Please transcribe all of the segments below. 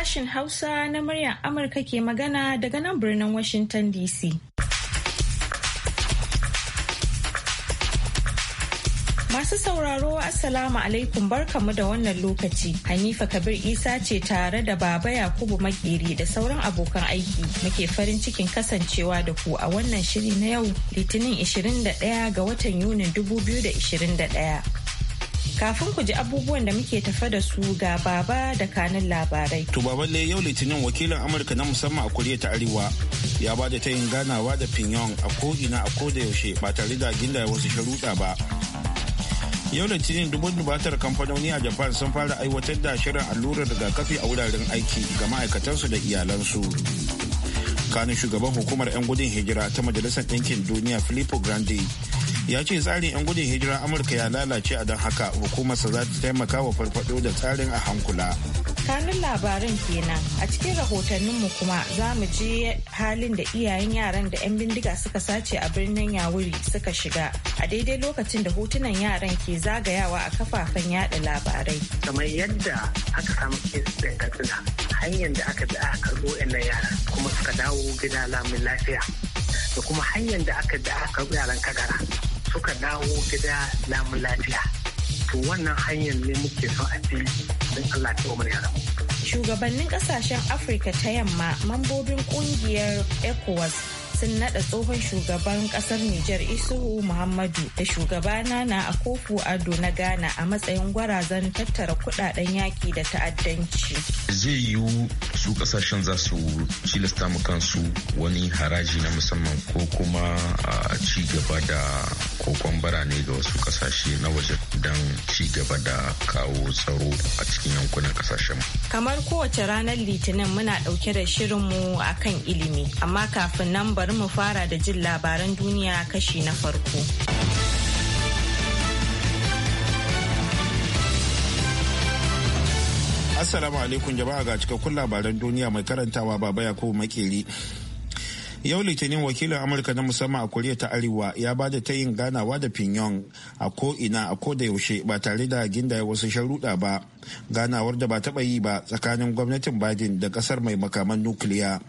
Sashen Hausa na muryar Amurka ke magana daga nan birnin Washington DC. Masu sauraro Assalamu alaikum barkamu da wannan lokaci. Hanifa Kabir Isa ce tare da Baba Yakubu Makeri da sauran abokan aiki muke farin cikin kasancewa da ku a wannan shiri na yau Litinin 21 ga watan Yunin 2021. Kafin ku ji abubuwan da muke tafa da su ga baba da kanin labarai. To baballe yau litinin wakilin Amurka na musamman a Koriya ta Arewa ya ba da ta yin ganawa da Pyongyang a ko'ina a ko da yaushe ba tare da ginda wasu sharuɗa ba. Yau litinin dubun dubatar kamfanoni a Japan sun fara aiwatar da shirin allurar rigakafi a wuraren aiki ga ma'aikatansu da iyalansu. Kanin shugaban hukumar 'yan gudun hijira ta Majalisar Ɗinkin Duniya Filippo Grandi ya ce tsarin 'yan gudun hijira amurka ya lalace a don haka hukumarsa za ta taimaka wa farfado da tsarin a hankula kanun labarin kenan a cikin rahotanninmu kuma za mu je halin da iyayen yaran da 'yan bindiga suka sace a birnin yawuri suka shiga a daidai lokacin da hotunan yaran ke zagayawa a kafafen yada labarai kamar yadda aka samu hanyar da aka bi aka karbo yaran kuma suka dawo gida lamin lafiya da kuma hanyar da aka bi aka karbo yaran kagara suka dawo gida namun lafiya to wannan hanyar ne muke son a bi don allah ta umar yaran shugabannin kasashen afirka ta yamma mambobin kungiyar ecowas sun nada tsohon shugaban kasar Nijar Isuhu Muhammadu da shugabana na a kofu Ado na Ghana a matsayin gwarazan tattara kudaden yaki da ta'addanci. Zai yiwu su kasashen za su cilasta mu kansu wani haraji na musamman ko kuma a ah, ci gaba da kokon bara ne ga wasu kasashe na waje don ci gaba da kawo tsaro a cikin yankunan kasashen. Kamar kowace ranar Litinin muna ɗauke da shirinmu a kan ilimi, amma kafin nan bari mu fara da jin labaran duniya kashi na farko. Assalamu alaikum jama'a ga cikakkun labaran duniya mai karantawa baba Yakubu Makeri. yau litinin wakilin amurka na musamman a koriya ta arewa ya ba da ta yin ganawa da pinyon a ko'ina a ko da yaushe ba tare da gindaya wasu sharuɗa ba ganawar da ba taɓa yi ba tsakanin gwamnatin biden da ƙasar mai makaman nukiliya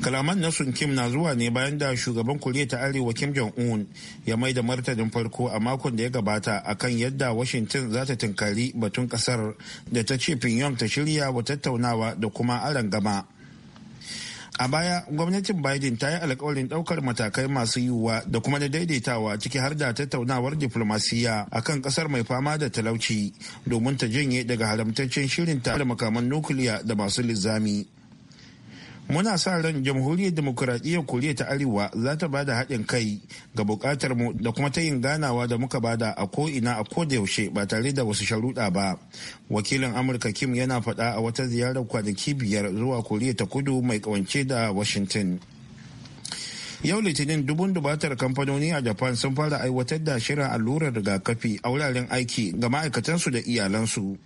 kalaman na sun kim na zuwa ne bayan da shugaban koriya ta arewa kim jong un ya mai da martanin farko a makon da ya gabata a kan yadda washington za ta tunkari batun kasar da ta ce pinyon ta shirya wa tattaunawa da kuma gama. A baya, gwamnatin Biden ta yi alkawarin ɗaukar matakai masu yiwuwa da kuma da daidaitawa ciki har da tattaunawar diflomasiyya a kan ƙasar mai fama da talauci domin ta janye daga haramtaccen shirin ta da makaman nukiliya da masu linzami. muna sa ran jamhuriyar demokuraɗiyyar koriya ta arewa za ta bada haɗin kai ga buƙatar mu da kuma ta yin ganawa da muka bada a ko ina a ko da yaushe ba tare da wasu sharuɗa ba wakilin amurka kim yana faɗa a wata ziyarar kwanaki biyar zuwa koriya ta kudu mai ƙawance da washington yau litinin dubun dubatar kamfanoni a japan sun fara aiwatar da shirin allurar rigakafi a wuraren aiki ga ma'aikatansu da iyalansu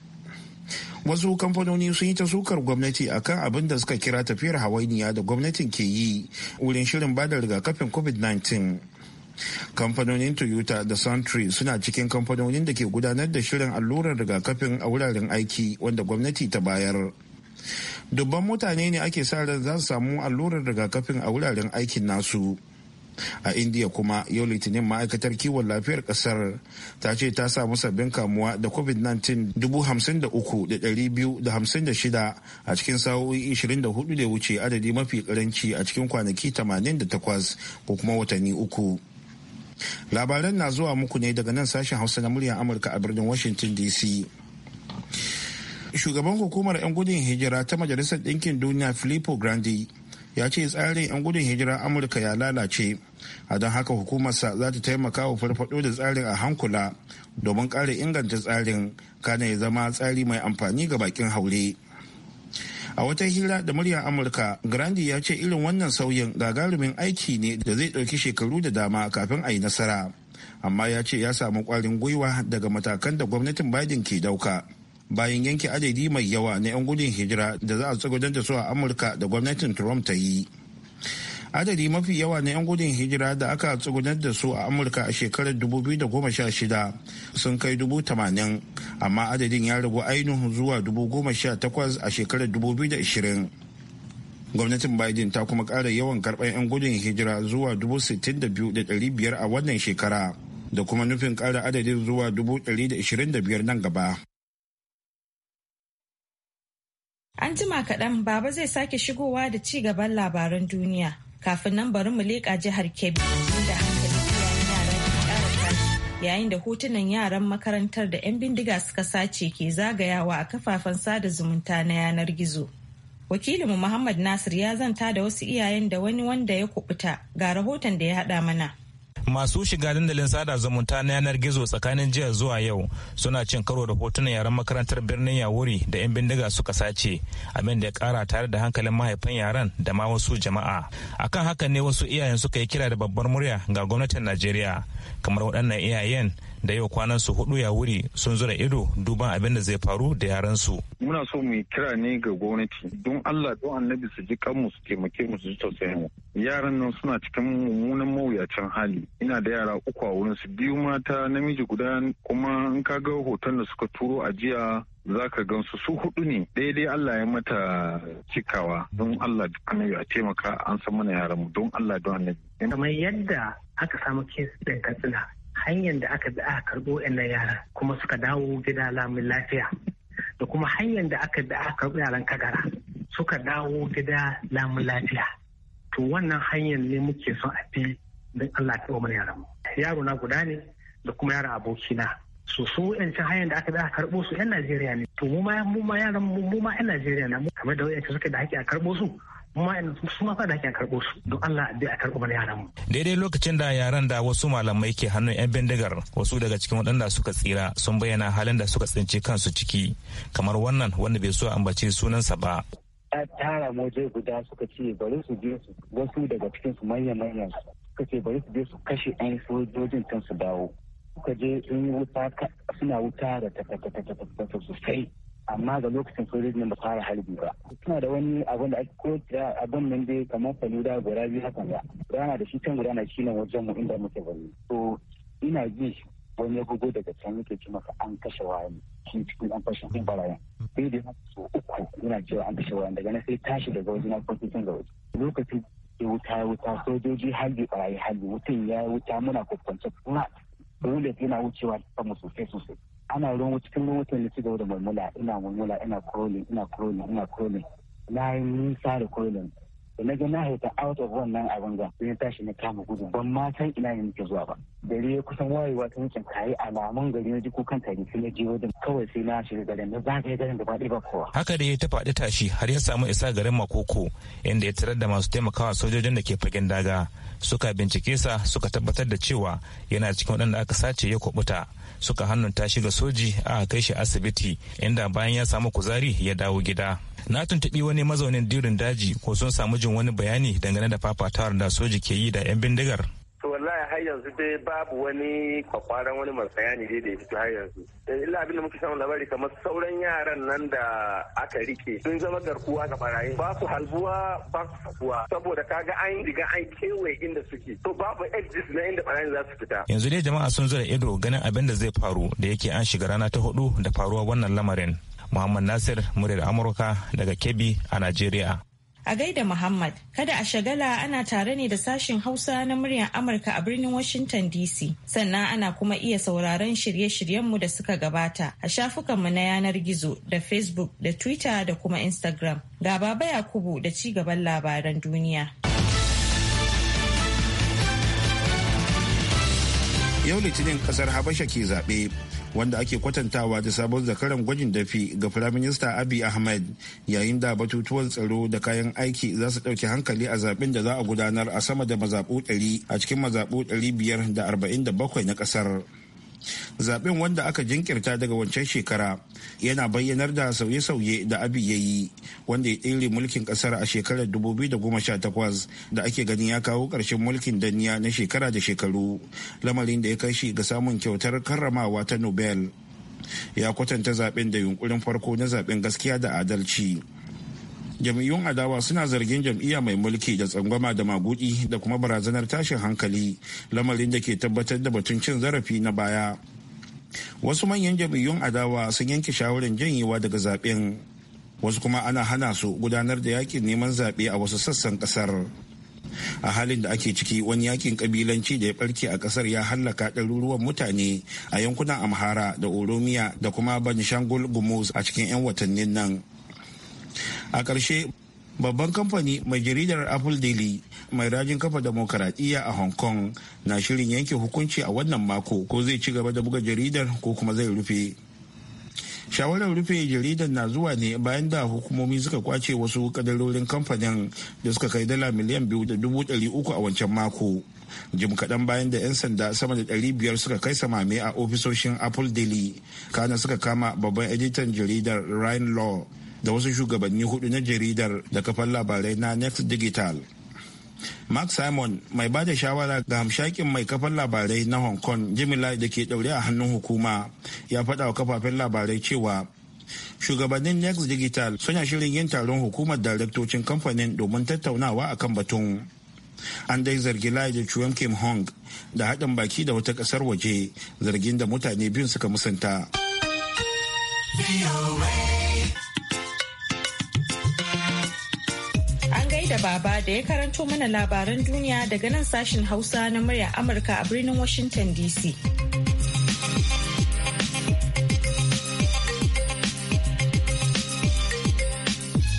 wasu kamfanoni sun yi ta sukar gwamnati akan abin da suka kira tafiyar hawainiya da gwamnatin ke yi wurin shirin bada rigakafin covid-19 kamfanonin toyota da santry suna cikin kamfanonin da ke gudanar da shirin allurar rigakafin a wuraren aiki wanda gwamnati ta bayar dubban mutane ne ake sa ran za su samu allurar rigakafin a wuraren aikin nasu a India kuma yau litinin ma'aikatar kiwon lafiyar kasar ta ce ta samu sabbin kamuwa da covid-19 53,256 a cikin sa'o'i 24 da wuce adadi mafi karanci a cikin kwanaki 88 ko kuma watanni uku labaran na zuwa muku ne daga nan sashen hausa na muryar amurka a birnin washington dc shugaban hukumar 'yan gudun hijira ta majalisar ɗinkin duniya filippo grandi ya ce tsarin 'yan gudun hijira amurka ya lalace a don haka hukumarsa za ta taimaka wa farfado da tsarin a hankula domin ƙara inganta tsarin kana ya zama tsari mai amfani ga bakin haure a wata hira da muryar amurka grandi ya ce irin wannan sauyin gagarumin aiki ne da zai ɗauki shekaru da dama kafin a yi nasara amma ya ce ya samu ƙwarin gwiwa daga matakan da gwamnatin biden ke ɗauka. bayan yanke adadi mai yawa na 'yan gudun hijira da za a tsagudar da su a amurka da gwamnatin trump ta yi adadi mafi yawa na 'yan gudun hijira da aka tsugunar da su a amurka a shekarar 2016 sun kai 80,000 amma adadin ya ragu ainihin zuwa 18,000 a shekarar 2020 gwamnatin biden ta kuma ƙara yawan karɓar 'yan gudun hijira zuwa 62,500 a wannan shekara da kuma nufin ƙara adadin zuwa 125 nan gaba An jima kaɗan baba zai sake shigowa da ci gaban labaran duniya. Kafin nan bari mu leƙa jihar Kebbi inda hankali yara ke ƙara tashi yayin da hotunan yaran makarantar da 'yan bindiga suka sace ke zagayawa a kafafen sada zumunta na yanar gizo. Wakilinmu Muhammad Nasir ya zanta da wasu iyayen da wani wanda ya kubuta ga rahoton da ya haɗa mana. masu shiga dandalin sada zumunta na yanar gizo tsakanin jiya zuwa yau suna cin karo da hotunan yaren makarantar birnin yawuri da 'yan bindiga suka sace abin da ya kara tare da hankalin mahaifan yaran da ma wasu jama'a akan haka ne wasu iyayen suka yi kira da babbar murya ga gwamnatin najeriya kamar waɗannan iyayen da yau kwanan su hudu ya wuri sun zura ido duban abin da zai faru da yaran su muna so mu kira ne ga gwamnati don Allah don annabi su ji kanmu su taimake mu su ji tausayin mu yaran nan suna cikin mummunan mawuyacin hali ina da yara uku a wurin su biyu mata namiji guda kuma in ka ga hoton da suka turo a jiya za ka gansu su hudu ne daidai Allah ya mata cikawa don Allah annabi a taimaka an san mana yaran mu don Allah don annabi. Kamar yadda aka samu kes ɗin katsina hanyar da aka bi aka karɓo waɗannan yaran kuma suka dawo gida lamun lafiya da kuma hanyar da aka bi aka karɓo yaran kagara suka dawo gida lamun lafiya to wannan hanyar ne muke son a bi don Allah ta umar yaran mu yaro na guda ne da kuma yaran abokina na su yancin hanyar da aka bi aka karɓo su yan Najeriya ne to mu ma mu ma yaran mu ma yan Najeriya ne kamar da wayace suka da haƙƙi a karɓo su kuma su ma fa da ake karɓo su don Allah dai a karɓo mana yaran mu. Daidai lokacin da yaran da wasu malamai ke hannun 'yan bindigar wasu daga cikin waɗanda suka tsira sun bayyana halin da suka tsinci kansu ciki kamar wannan wanda bai so ambace sunansa ba. Ya tara moje guda suka ce bari su je su wasu daga cikin su manya-manyan suka ce bari su je su kashe 'yan sojojin kan su dawo suka je sun wuta suna wuta da takatakatatakata sosai amma ga lokacin sojojin nan ba fara harbi ba suna da wani abin da ko abin nan dai kamar faluda guda biyu hakan ba rana da shi can guda na shi ne wajen mu inda muke bari to ina ji wani gugu daga can yake ce maka an kashe wani shi cikin an fashe cikin barayan sai da so uku ina cewa an kashe wani daga nan sai tashi daga wajen na kwanci can ga waje lokacin ya wuta ya wuta sojoji halbi barayi halbi mutum ya wuta muna kwakwance kuma dole yana wucewa ta mu sosai sosai ana ruwan cikin ruwan na da mulmula ina mulmula ina crawling ina crawling ina crawling na yi nisa da crawling da na ga na hita out of wannan abin ga sai na tashi na kama gudu. ban ma san ina ne zuwa ba dare ya kusan wayewa ta nake kayi alamun gari na ji kan tari sai na je wajen kawai sai na shiga garin na zagaye garin da ba ba kowa haka da ya ta faɗi tashi har ya samu isa garin makoko inda ya tarar da masu taimakawa sojojin da ke fagen daga suka bincike sa suka tabbatar da cewa yana cikin waɗanda aka sace ya kubuta suka hannunta shi ga soji a kai shi asibiti inda bayan ya samu kuzari ya dawo gida na tuntuɓi wani mazaunin dirin daji ko sun samu jin wani bayani dangane da fafatawar da soji ke yi da 'yan bindigar to wallahi har yanzu dai babu wani kwakwaran wani masayani dai da ya fito har yanzu eh, illa abinda muke samun labari kamar sauran yaran nan da aka rike sun zama garkuwa ga barayi ba su halbuwa ba su fasuwa saboda kaga an riga an kewaye inda suke to babu exit na inda barayin za su fita yanzu dai jama'a sun zura ido ganin abin da zai faru da yake an shiga rana ta hudu da faruwa wannan lamarin Muhammad Nasir muryar Amurka daga Kebbi a Najeriya. A gaida Muhammad, kada a shagala ana tare ne da sashen Hausa na muryar Amurka a birnin Washington DC. Sannan ana kuma iya sauraron shirye-shiryenmu da suka gabata a shafukanmu na yanar gizo da Facebook da Twitter da kuma Instagram. Ga Baba Yakubu da ci gaban labaran duniya. yau litinin kasar habasha ke zaɓe wanda ake kwatantawa da sabon zakaran gwajin dafi ga firaminista abi ahmed yayin da batutuwan tsaro da kayan aiki za su ɗauki hankali a zaɓen da za a gudanar a sama da mazaɓu 100 a cikin mazaɓu 547 na ƙasar. zaben wanda aka jinkirta daga wancan shekara yana bayyanar da sauye-sauye da abi ya yi wanda ya tsere mulkin kasar a shekarar 2018 da ake ganin ya kawo ƙarshen mulkin danniya na shekara da shekaru lamarin da ya kai shi ga samun kyautar karramawa ta nobel ya kwatanta zaben da yunkurin farko na zaben gaskiya da adalci jam'iyyun adawa suna zargin jam'iyya mai mulki da tsangwama da magudi da kuma barazanar tashin hankali lamarin da ke tabbatar da batun cin zarafi na baya wasu manyan jam'iyyun adawa sun yanke shawarar janyewa daga zaben wasu kuma ana hana su gudanar da yakin neman zaɓe a wasu sassan ƙasar a halin da ake ciki wani yakin kabilanci da ya barke a kasar ya hallaka ɗaruruwan mutane a yankunan amhara da oromiya da kuma banishangul gumus a cikin 'yan watannin nan a ƙarshe babban kamfani mai jaridar apple daily mai rajin kafa demokaradiyya a hong kong na shirin yanke hukunci a wannan mako ko zai ci gaba da buga jaridar ko kuma zai rufe shawarar rufe jaridar na zuwa ne bayan da hukumomi suka kwace wasu kadarorin kamfanin da suka kai dala miliyan biyu da dubu ɗari uku a wancan mako jim kaɗan bayan da 'yan sanda sama da ɗari biyar suka kai samame a ofisoshin apple daily kana suka kama babban editan jaridar ryan law da wasu shugabanni hudu na jaridar da kafar labarai na next digital mark simon mai ba da shawara ga hamshakin mai kafar labarai na hong kong jimila da ke daure a hannun hukuma ya faɗa wa kafafen labarai cewa shugabannin next digital suna shirin yin taron hukumar daraktocin kamfanin domin tattaunawa akan batun an dai zargi lai da chuan kim hong da haɗin baki da wata ƙasar waje zargin da mutane biyun suka musanta. Aisha baba da ya karanto mana labaran duniya daga nan sashen Hausa na murya Amurka a birnin Washington DC.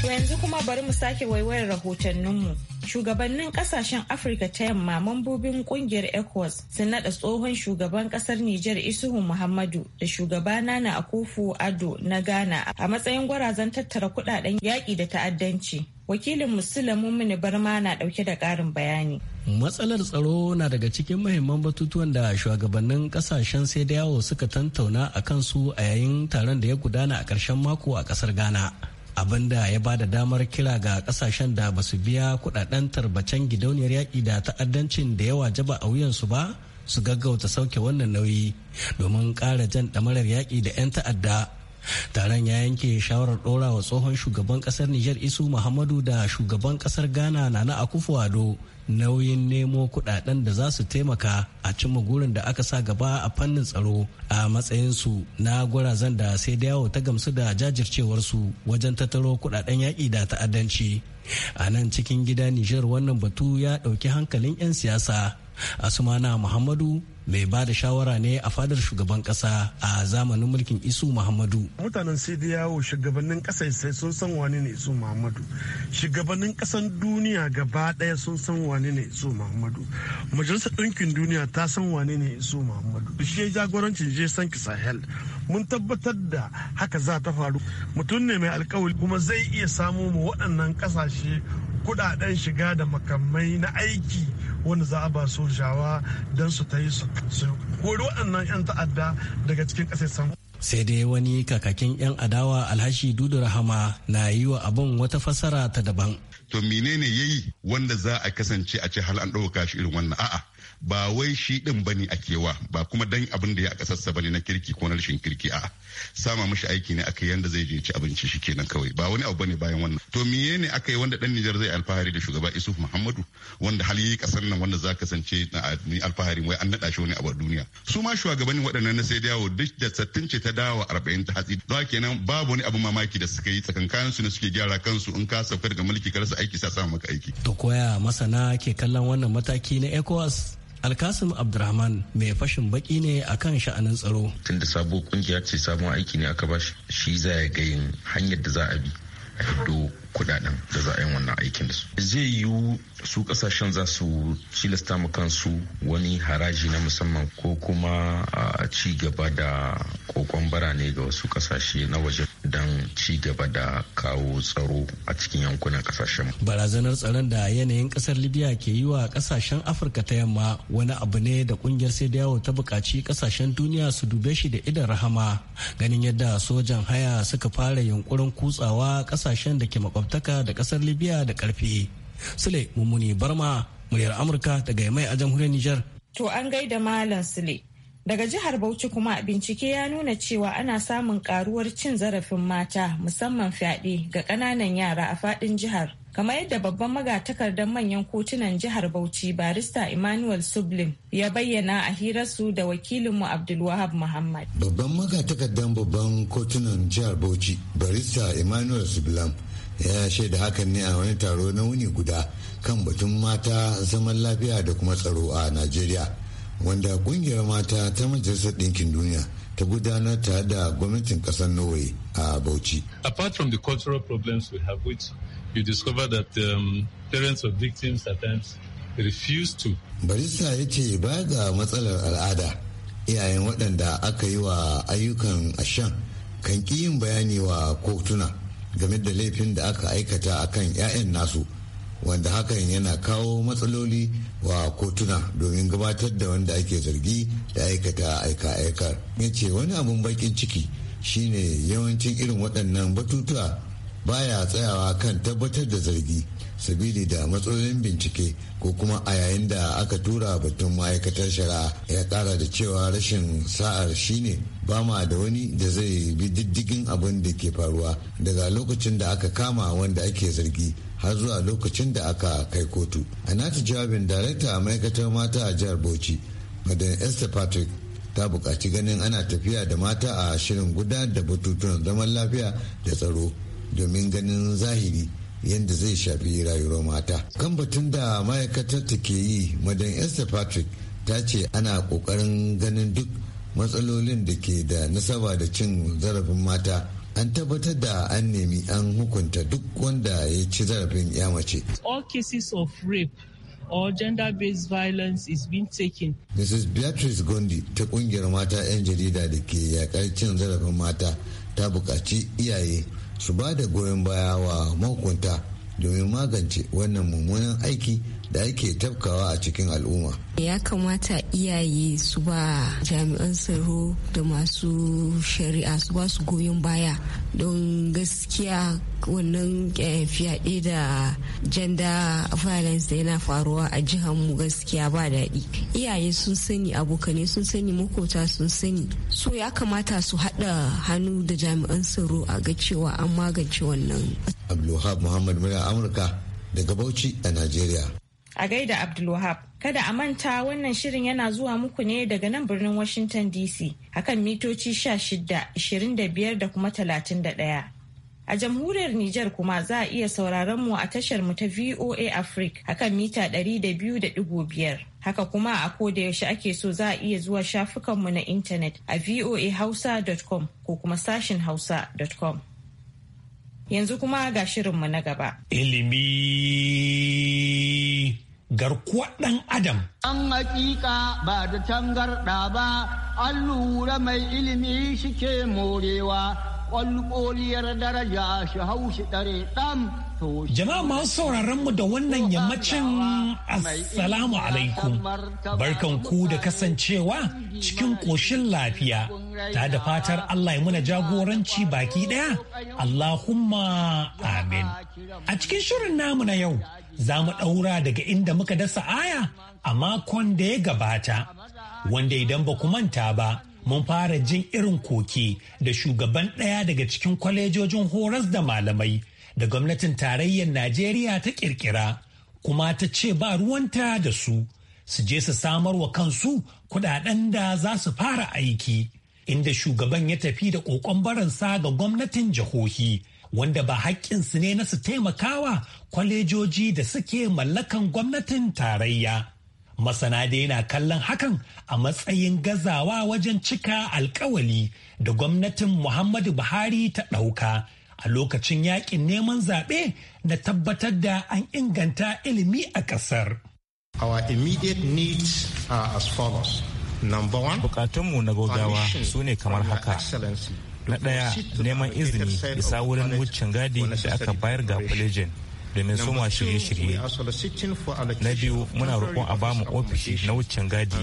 To yanzu kuma bari mu sake waiwayar rahotanninmu. Shugabannin kasashen Afirka ta yamma mambobin kungiyar ECOWAS sun naɗa tsohon shugaban kasar Nijar Isuhu Muhammadu da shugaba Nana Akufo Ado na Ghana a matsayin gwarazan tattara kudaden yaƙi da ta'addanci. wakilin musulun mummuni barma na dauke da karin bayani matsalar tsaro na daga cikin mahimman batutuwan da shugabannin kasashen sai da yawo suka tantauna a kansu a yayin taron da ya gudana a ƙarshen mako a ƙasar ghana abin da ya ba da damar kira ga kasashen da ba su biya kudaden tarbacen gidauniyar yaƙi da ta'addancin da yawa jaba a wuyansu ba su gaggauta sauke wannan nauyi domin ƙara jan ɗamarar yaƙi da 'yan ta'adda taron ya yanke shawarar ɗora wa tsohon shugaban ƙasar nijar isu muhammadu da shugaban ƙasar ghana na akufu ado. nauyin nemo kuɗaɗen da za su taimaka a cimma gurin da aka sa gaba a fannin tsaro a matsayinsu na gwarazan da sai da yawo ta gamsu da jajircewarsu wajen tattaro kuɗaɗen yaƙi da ta'addanci a nan cikin gida nijar wannan batu ya ɗauki hankalin 'yan siyasa asumana muhammadu mai ba da shawara ne a fadar shugaban kasa a zamanin mulkin isu muhammadu mutanen sai da yawo shugabannin kasa sai sun san wani ne isu muhammadu shugabannin kasan duniya gaba daya sun san wani ne isu muhammadu majalisar ɗinkin duniya ta san wani ne isu muhammadu shi ya jagorancin je kisa sahel mun tabbatar da haka za ta faru mutum ne mai alkawari kuma zai iya samu mu waɗannan ƙasashe kuɗaɗen shiga da makamai na aiki wanda za a ba sojawa don su ta yi su kori waɗannan 'yan ta'adda daga cikin ƙasar san sai dai wani kakakin 'yan adawa alhashi dudu rahama na yi wa abin wata fasara ta daban to menene yayi wanda za a kasance a ce hal an ɗauka shi irin wannan a'a ba wai shi din bane a kewa ba kuma dan abin da ya kasassa sassa bane na kirki ko na rashin kirki a sama mashi aiki ne yi yanda zai je ci abinci shi kenan kawai ba wani abu bane bayan wannan to miye ne aka yi wanda dan Nijar zai alfahari da shugaba Isuf Muhammadu wanda hal yi kasar nan wanda za kasance ni alfahari wai an nada shi wani abu a duniya su ma shugabannin waɗannan na sai dawo duk da sattin ce ta dawo 40 ta hatsi za kenan babu wani abu mamaki da suka yi tsakankan su ne suke gyara kansu in ka sauka daga mulki ka rasa aiki sa samu maka aiki to koya masana ke kallon wannan mataki na ECOWAS alkasim abdurrahman mai fashin baki ne a kan sha'anin tsaro tun da sabo kungiya ce sabon aiki ne aka ba shi za ya gayin hanyar da za a bi a hiddo kudaden da za a yi wannan aikin da su zai yiwu su kasashen za su cilasta mu kansu wani haraji na musamman ko kuma a ci gaba da kokon birane ga wasu kasashe na waje don ci gaba da kawo tsaro a cikin yankunan kasashen. Barazanar tsaron da yanayin kasar Libya ke yi wa kasashen Afirka ta yamma wani abu ne da kungiyar sai da yawo ta bukaci kasashen duniya su dube shi da idan rahama ganin yadda sojan haya suka fara yunkurin kutsawa kasashen da ke makwabtaka da kasar Libya da karfi. Sule Mummuni Barma, muryar Amurka daga Yamai a jamhuriyar Nijar. To an gaida Malam Sule. Daga jihar Bauchi kuma bincike ya nuna cewa ana samun karuwar cin zarafin mata musamman fyaɗe ga ƙananan yara a faɗin jihar. Kamar yadda babban magatakardar manyan kotunan jihar Bauchi barista Emmanuel Sublim ya bayyana a hirarsu da wakilinmu Abdulwahab Muhammad. Babban magatakardar babban kotunan jihar Bauchi barista Emmanuel Sublim ya shaida hakan ne a wani taro na wuni guda kan batun mata zaman lafiya da kuma tsaro a Najeriya. wanda kungiyar mata ta majalisar ɗinkin duniya ta gudanar ta da gwamnatin ƙasar norway a bauchi apart from the cultural problems we have which you discover that um, parents of victims at times refuse to barista ya ce ba ga matsalar al'ada iyayen waɗanda aka yi wa ayyukan ashan kan ƙi yin bayani wa kotuna game da laifin da aka aikata a kan 'ya'yan nasu wanda hakan yana kawo matsaloli wa kotuna domin gabatar da wanda ake zargi da aikata aika-aikar ya ce wani abun bakin ciki shine yawancin irin waɗannan batutuwa baya tsayawa kan tabbatar da zargi sabili da matsalolin bincike ko kuma a yayin da aka tura batun ma'aikatar shari'a ya kara da cewa rashin sa'ar shine ba ma da wani da zai bi diddigin abin da ke faruwa daga lokacin da aka kama wanda ake zargi har zuwa lokacin da aka kai kotu a nata jawabin darekta a ma'aikatar mata a jihar bauchi madan esther patrick ta buƙaci ganin ana tafiya da mata a shirin guda da batutuwan zaman lafiya da tsaro domin ganin zahiri yadda zai shafi rayuwar mata kan batun da ma'aikatar ta ke yi madan esther patrick ta ce ana ƙoƙarin ganin duk matsalolin da ke da nasaba da cin zarafin mata an tabbatar da an nemi an hukunta duk wanda ya ci zarafin ya mace. All cases of rape or gender-based violence is being taken. Mrs. Beatrice Gondi ta kungiyar mata 'yan jarida da ke yakar cin zarafin mata ta buƙaci iyaye su ba da goyon baya wa mahukunta domin magance wannan mummunan aiki da ake tafkawa a cikin al'umma. Ya kamata iyaye su ba jami'an tsaro da masu shari'a su ba su goyon baya don gaskiya wannan eh, fyaɗe da janda violence da yana faruwa a jihar mu gaskiya ba daɗi. Iyaye sun sani abokane sun sani makota sun sani. So ya kamata su haɗa hannu da jami'an tsaro a ga cewa an magance wannan. Abdulwahab Muhammad muna Amurka daga Bauchi a Najeriya. A gaida Abdulwahab, kada a manta wannan shirin yana zuwa muku ne daga nan birnin Washington DC akan mitoci 16, 25 da kuma 31. A jamhuriyar Nijar kuma za a iya sauraron mu a tashar mu ta VOA Africa akan mita 200.5. Haka kuma a koda yaushe ake so za a iya zuwa shafukanmu na intanet a voahausa.com ko kuma sashin hausa.com. Yanzu kuma ga shirinmu na gaba. Ilimi garkuwar ɗan adam. An hakika ba da tangarɗa ba, an lura mai ilimi shi ke morewa, ƙwalƙoliyar daraja shi haushi ɗare ɗan. Jama'a masu sauraron mu da wannan yammacin Assalamu alaikum. Barkan ku da kasancewa cikin ƙoshin lafiya. Ta da fatar Allah ya muna jagoranci baki ɗaya. Allahumma amin. A cikin shirin namu na yau, za mu ɗaura daga inda muka dasa aya a makon da ya gabata, wanda idan ba ku manta ba, mun fara jin irin koke da shugaban ɗaya daga cikin kwalejojin horas da malamai da gwamnatin tarayyar Najeriya ta ƙirƙira, kuma ta ce ba ruwanta da su, su je su samar wa kansu kuɗaɗen da za su fara aiki, inda shugaban ya tafi da ƙoƙon baransa ga gwamnatin jihohi. wanda ba su ne na su taimakawa kwalejoji da suke mallakan gwamnatin tarayya. Masana dai na kallon hakan a matsayin gazawa wajen cika alkawali da gwamnatin Muhammadu Buhari ta ɗauka a lokacin yakin neman zaɓe na tabbatar da an inganta ilimi a ƙasar. Our immediate needs are as follows. bukatunmu na gogawa su ne kamar haka. na ɗaya neman izini isa wurin wucin gadi da aka bayar ga kwalejin domin soma shirye-shirye na biyu muna roƙon a bamu ofishi na wucin gadi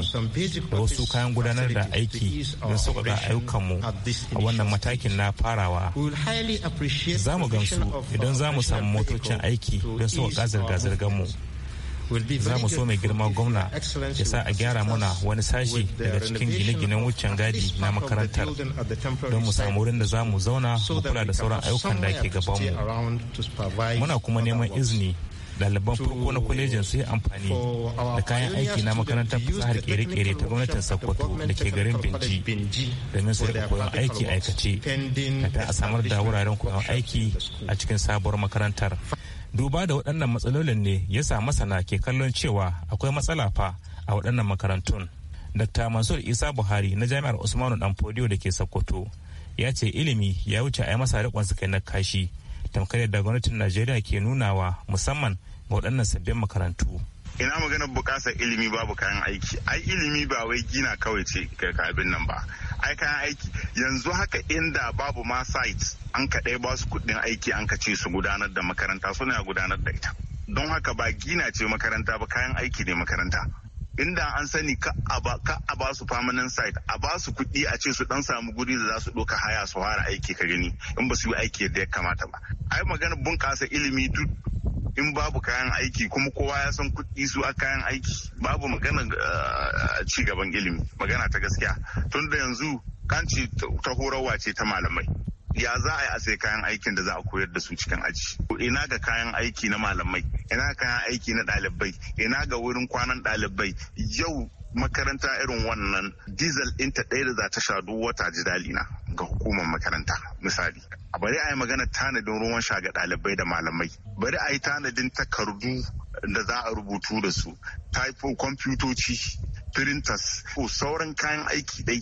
da wasu kayan gudanar da aiki don sauƙaƙa ayyukanmu a wannan matakin na farawa za mu gamsu idan za mu samu motocin aiki don sauƙaƙa zirga-zirgar mu za mu so mai girma gwamna ya sa a gyara mana wani sashi daga cikin gine-ginen wucin gadi na makarantar don mu samu wurin da za mu zauna mu kula da sauran ayyukan da ke gabanmu muna kuma neman izini ɗaliban farko na kwalejin su yi amfani da kayan aiki na makarantar fasahar kere-kere ta gwamnatin sokoto da ke garin binji domin su riƙa koyon aiki aikace kafin a samar da wuraren koyon aiki a cikin sabuwar makarantar duba da waɗannan matsalolin ne ya sa masana ke kallon cewa akwai matsala fa a waɗannan makarantun dr mansur isa buhari na jami'ar usmanu danfodiyo da ke sokoto ya ce ilimi ya wuce a yi masa riƙon su kai na kashi tamkar yadda gwamnatin najeriya ke nunawa musamman ga waɗannan sabbin makarantu ina magana bukasar ilimi babu kayan aiki ai ilimi ba wai gina kawai ce ka abin nan ba ai kayan aiki yanzu haka inda babu ma site an kaɗai ba su kuɗin aiki an ka ce su gudanar da makaranta suna gudanar da ita don haka ba gina ce makaranta ba kayan aiki ne makaranta inda an sani ka a ba su permanent site a basu su kuɗi a ce su dan samu guri da za su ɗauka haya su fara aiki ka gani in ba su yi aiki yadda ya kamata ba ai magana bunƙasa ilimi duk in babu kayan aiki kuma kowa ya san kuɗi su a kayan aiki babu magana ah, ci gaban ilimi magana ta gaskiya tun da yanzu kanci ta horarwa ce ta malamai ya za a yi a sai kayan aikin da za a koyar da su cikin aji ina ga kayan aiki na malamai ina ga kayan aiki na ɗalibai ina ga wurin kwanan ɗalibai yau makaranta irin wannan diesel ta ɗaya da za ta sha duk wata ji dalina ga hukumar makaranta misali a bari a yi magana tanadin ruwan sha ga ɗalibai da malamai bari a yi tanadin takardu da za a rubutu da su typo kwamfutoci printers ko sauran kayan aiki dai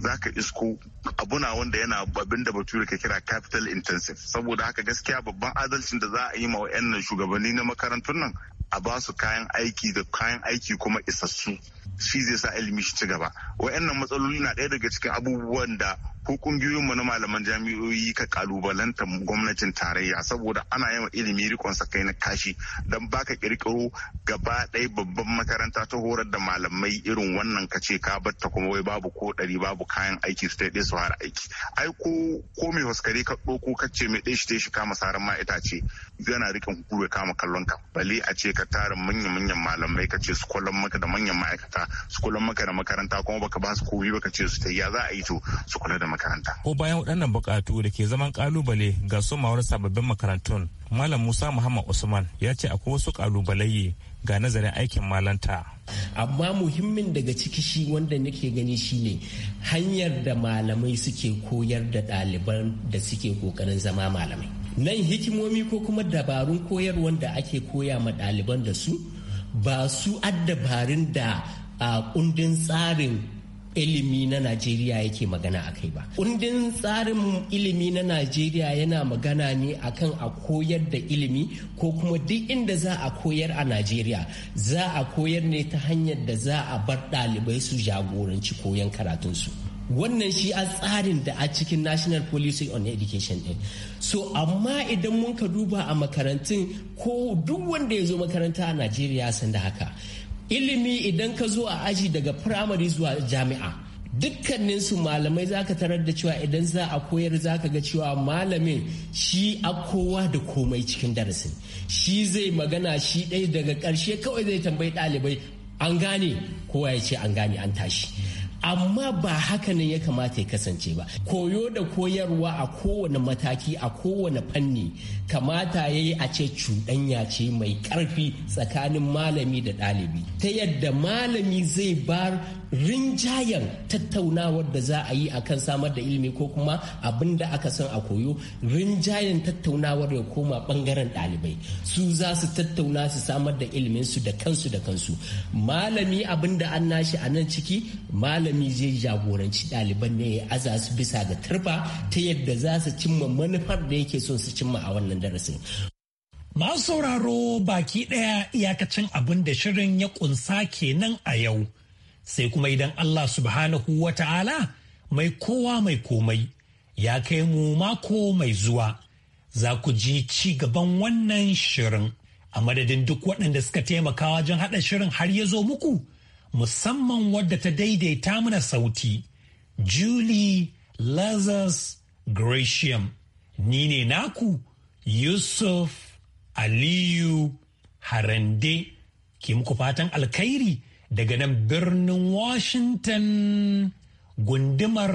za ka isko abuna wanda yana abin da bature ka kira capital intensive saboda haka gaskiya babban adalcin da za a yi ma wa'annan shugabanni na makarantun nan a ba su kayan aiki da kayan aiki kuma isassu shi zai sa ilimi shi ci gaba wayannan matsaloli na ɗaya daga cikin abubuwan da ko kungiyoyinmu na malaman jami'o'i ka kalubalanta gwamnatin tarayya saboda ana yawan ilimi rikon kai na kashi don baka kirkiro gaba ɗaya babban makaranta ta horar da malamai irin wannan ka ce ka batta kuma wai babu ko ɗari babu kayan aiki su taɗe su fara aiki ai ko ko mai huskare ka ɗoko ka ce mai ɗaya shi shi kama saran ma ce yana rikin hukumar kama kallon ka bale a ce ka tara manya-manyan malamai ka ce su kwallon maka da manyan ma'aikata su kwallon maka da makaranta kuma baka ba su komi baka ce su ta ya za a yi to su kula da makaranta. Ko bayan waɗannan buƙatu da ke zaman ƙalubale ga somawar sababbin makarantun, Malam Musa Muhammad Usman ya ce akwai wasu ƙalubalaye ga nazarin aikin malanta. Amma muhimmin daga ciki shi wanda nake gani shine hanyar da malamai suke koyar da ɗaliban da suke ƙoƙarin zama malamai. Nan hikimomi ko kuma dabarun koyar da ake koya ma ɗaliban da su ba su addabarin da a kundin tsarin ilimi na Najeriya yake magana a kai ba. Kundin tsarin ilimi na Najeriya yana magana ne akan a koyar da ilimi ko kuma duk inda za a koyar a Najeriya za a koyar ne ta hanyar da za a bar ɗalibai su jagoranci koyon karatunsu. wannan shi a tsarin da a cikin national policy on education ɗin so amma idan mun ka duba a makarantun ko duk wanda ya zo makaranta a najeriya san da haka ilimi idan ka zo a aji daga firamare zuwa jami'a dukkanin su malamai zaka tarar da cewa idan za a koyar zaka ga cewa malamin shi a kowa da komai cikin darasin shi zai magana shi ɗaya daga ƙarshe kawai zai tambayi ɗalibai an gane kowa ya ce an gane an tashi amma ba haka ne ya kamata ya kasance ba koyo da koyarwa a kowane mataki a kowane fanni kamata ya yi a ce cuɗanya ce mai ƙarfi tsakanin malami da ɗalibi ta yadda malami zai bar rinjayen tattaunawar da za a yi a kan samar da ilimi ko kuma abin da aka san a koyo rinjayen tattaunawar ya koma ɓangaren ɗalibai su za su tattauna su samar da iliminsu da kansu da kansu malami abin da an nashi a nan ciki malami malami zai jagoranci ɗaliban ne ya aza su bisa ga turba ta yadda za su cimma manufar da yake son su cimma a wannan darasin. Masu sauraro baki ɗaya iyakacin abin da shirin ya ƙunsa kenan a yau. Sai kuma idan Allah subhanahu wa ta'ala mai kowa mai komai ya kai mu mako mai zuwa. Za ku ji ci gaban wannan shirin a madadin duk waɗanda suka taimaka wajen haɗa shirin har ya zo muku. musamman wadda ta daidaita mana sauti Julie Lazarus Gratiam. Ni ne naku Yusuf Aliyu Harande ke muku fatan alkhairi daga nan birnin Washington gundumar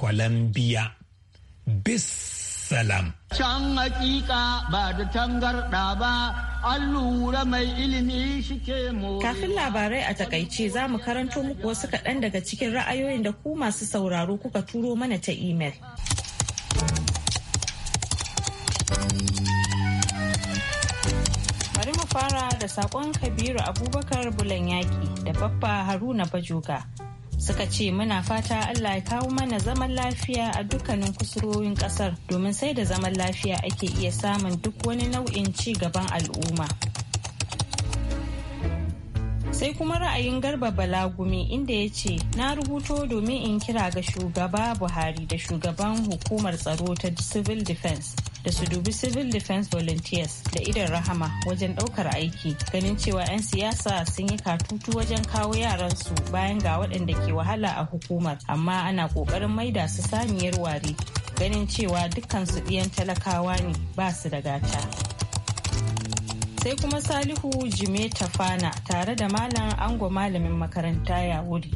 Columbia. Bis salam. Can hakika ba da tangarɗa ba an lura mai ilimi shi ke Kafin labarai a takaice za mu karanto muku wasu kaɗan daga cikin ra'ayoyin da ku masu sauraro kuka turo mana ta imel. Bari mu fara da saƙon Kabiru Abubakar Bulan Yaƙi da Baffa Haruna Bajoga. suka ce muna fata Allah ya kawo mana zaman lafiya a dukkanin kusurorin kasar domin sai da zaman lafiya ake iya samun duk wani nau'in ci gaban al'umma. sai kuma ra'ayin garba balagumi inda ya ce na rubuto domin in kira ga shugaba buhari da shugaban hukumar tsaro ta civil defense da su dubi civil defense volunteers da idan rahama wajen ɗaukar aiki ganin cewa 'yan siyasa sun yi katutu wajen kawo yaransu bayan ga waɗanda ke wahala a hukumar amma ana ƙoƙarin maida su saniyar ware ganin cewa dukkansu ɗiyan talakawa ne ba su da gata. sai kuma salihu jime tafana tare da malam ango malamin makaranta ya wuri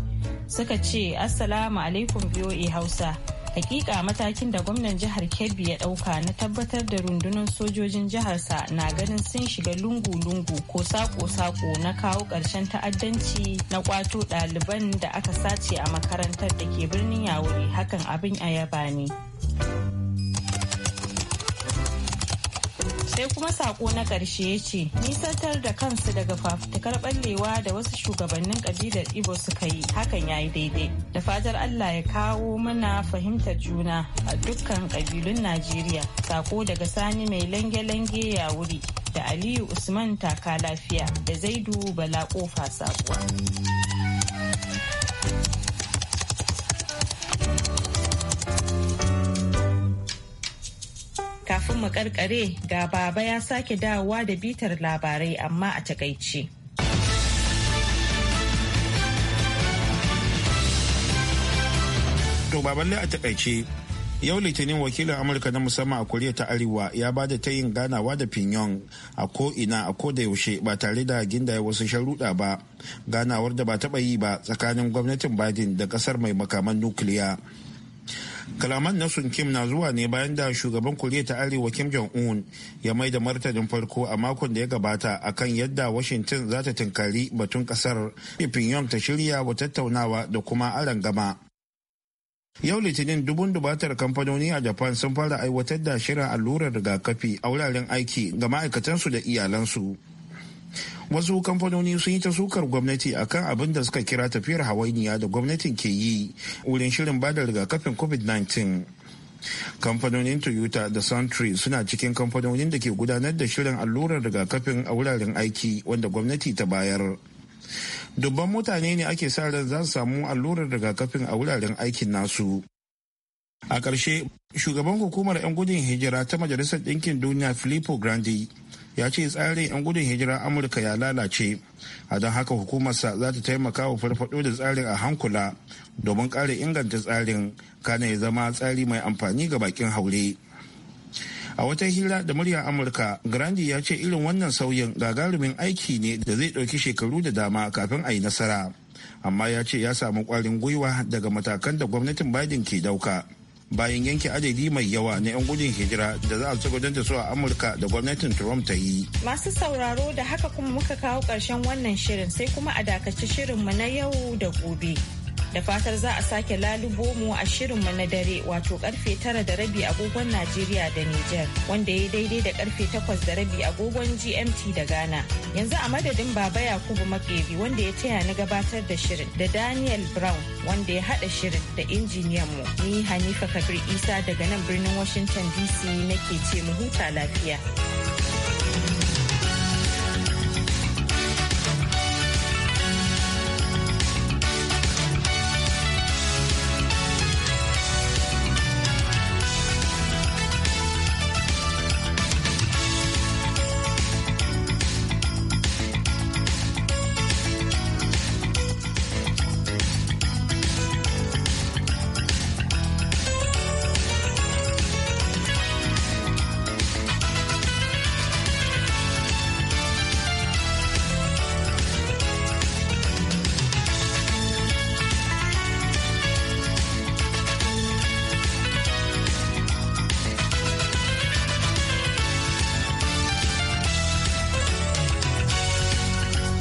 suka ce assalamu alaikum voa hausa hakika matakin da gwamnan jihar kebbi ya dauka na tabbatar da rundunar sojojin jiharsa na ganin sun shiga lungu-lungu ko sako-sako na kawo ƙarshen ta'addanci na kwato ɗaliban da aka sace a makarantar da ke birnin yawuri hakan abin a yaba ne sai kuma sako na ƙarshe ya ce nisantar da kansu daga fafutukar ɓallewa da wasu shugabannin ƙabilar ibo suka yi hakan ya yi daidai da fatar allah ya kawo mana fahimtar juna a dukkan ƙabilun najeriya sako daga sani mai lange-lange ya wuri da aliyu usman taka lafiya da zaidu bala kofa sakuwa Kafin mu karkare ga baba ya sake dawowa da bitar labarai amma a takaici. To baballe a takaice yau litinin wakilin amurka na musamman a koriya ta arewa ya ba da tayin ganawa da pinyon a ko'ina a ko da yaushe ba tare da gindaya wasu sharuɗa ba ganawar da ba taɓa yi ba tsakanin gwamnatin biden da ƙasar mai makaman nukiliya kalaman na sun kim na zuwa ne bayan da shugaban koriya ta arewa kim jong-un ya mai da martanin farko a makon da ya gabata akan yadda washington za ta tunkari batun kasar pyongyang ta shirya wa tattaunawa da kuma arangama yau litinin dubun dubatar kamfanoni a japan sun fara aiwatar da shirin allurar rigakafi a wuraren aiki ga ma'aikatansu da iyalansu wasu kamfanoni sun yi ta sukar gwamnati akan abin da suka kira tafiyar hawainiya da gwamnatin ke yi wurin shirin bada rigakafin covid-19 kamfanonin toyota da santry suna cikin kamfanonin da ke gudanar da shirin allurar rigakafin a wuraren aiki wanda gwamnati ta bayar dubban mutane ne ake sa ran za su samu allurar rigakafin a wuraren aikin nasu a ƙarshe shugaban hukumar 'yan gudun hijira ta majalisar ɗinkin duniya filippo grandi ya ce tsarin 'yan gudun hijira amurka ya lalace a don haka hukumarsa za ta taimaka wa farfado da tsarin a hankula domin kare inganta tsarin kana ya zama tsari mai amfani ga bakin haure a wata hira da muryar amurka grandi ya ce irin wannan sauyin gagarumin aiki ne da zai ɗauki shekaru da dama kafin a yi nasara amma ya ce ya samu kwarin gwiwa daga matakan da gwamnatin biden ke dauka bayan yanke adadi mai yawa na 'yan gudun hijira da za a su da su a amurka da gwamnatin trump ta yi masu sauraro da haka kuma muka kawo ƙarshen wannan shirin sai kuma a dakaci shirinmu na yau da gobe da fatar za a sake lalubo mu a shirinmu na dare wato karfe tara da rabi agogon Najeriya da Nijar wanda ya daidai da karfe takwas da rabi agogon GMT da Ghana. Yanzu a madadin Baba Yakubu Makeri wanda ya taya ni gabatar da shirin da Daniel Brown wanda ya haɗa shirin da injiniyan mu ni Hanifa Kabir Isa daga nan birnin Washington DC nake ce mu huta lafiya.